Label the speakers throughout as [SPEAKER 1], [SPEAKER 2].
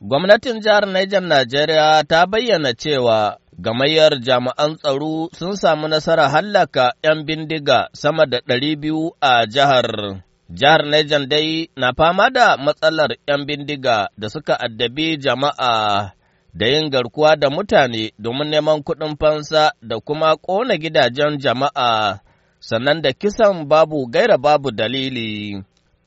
[SPEAKER 1] Gwamnatin jihar Niger Najeriya ta bayyana cewa gamayyar jami'an tsaro sun samu nasara hallaka 'yan bindiga sama da ɗari biyu a jihar. Jihar Niger dai na fama da matsalar 'yan bindiga da suka addabi jama'a da yin garkuwa da mutane domin neman kuɗin fansa da kuma ƙona gidajen jama'a, sannan da kisan babu gaira babu dalili.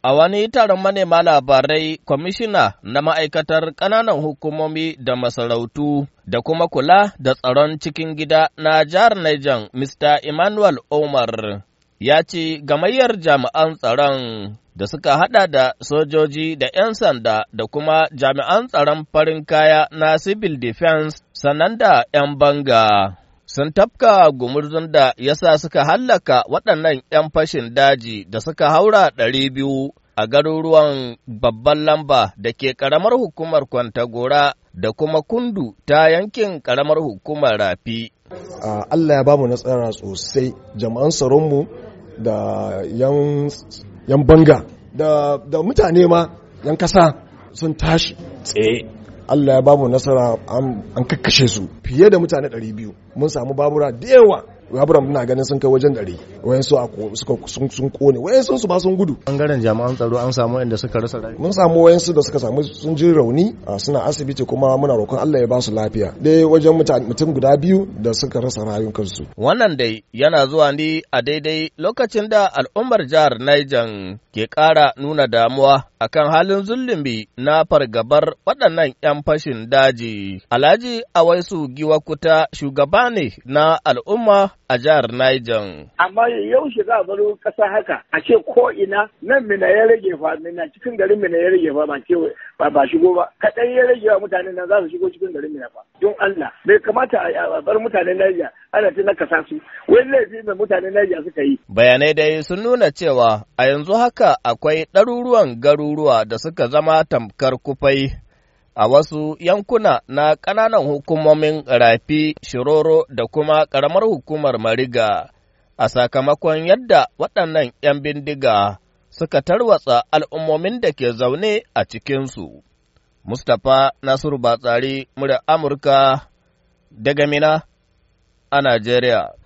[SPEAKER 1] A wani taron manema labarai, kwamishina na ma'aikatar ƙananan hukumomi da masarautu da kuma kula da tsaron cikin gida na jihar Niger, Mr. Emmanuel Omar, ya ce gamayyar jami'an tsaron da suka haɗa da sojoji da 'yan sanda da kuma jami'an tsaron farin kaya na civil defense sannan da 'yan banga. sun tafka gumurzun da ya sa suka hallaka waɗannan ‘yan fashin daji da suka haura ɗari biyu a garuruwan babban lamba da ke ƙaramar hukumar Kwantagora da kuma kundu ta yankin ƙaramar hukumar Rafi.
[SPEAKER 2] Allah ya bamu nasara sosai jama'an tsaronmu da yan banga da, mutane ma yan kasa sun tashi tsaye eh, Allah ya babu nasara an kakkashe su fiye da mutane 200 mun samu babura da yawa raburan muna ganin sun kai wajen ɗari wayansu sun kone wayan sun su ba sun gudu bangaren jami'an tsaro an samu inda suka rasa rai mun samu wayan su da suka samu sun ji rauni suna asibiti kuma muna roƙon Allah ya ba su lafiya dai wajen mutum guda biyu da suka rasa kansu.
[SPEAKER 1] wannan dai yana zuwa ne a daidai lokacin da al'ummar jihar Niger ke ƙara nuna damuwa akan halin zulumi na fargabar waɗannan 'yan fashin daji. Alhaji Awaisu Giwakuta shugaba ne na al'umma a jihar Niger.
[SPEAKER 3] Amma yau shi za a zaro kasa haka a ce ko ina nan mina ya rage fa mina cikin garin mina ya rage fa ba ce ba ba shigo ba kadan ya rage wa mutanen nan za su shigo cikin garin mina fa don Allah bai kamata a bar mutanen Niger ana ta nakasa su wai laifi da mutanen Niger suka yi. Bayanai dai sun nuna cewa
[SPEAKER 1] a yanzu haka akwai ɗaruruwan garuruwa da suka zama tamkar kufai a wasu yankuna na ƙananan hukumomin rafi, shiroro da kuma ƙaramar hukumar mariga, a sakamakon yadda waɗannan ‘yan bindiga suka tarwatsa al'ummomin da ke zaune a cikinsu. Mustapha Nasiru Batsari, murar Amurka, daga Mina a Najeriya.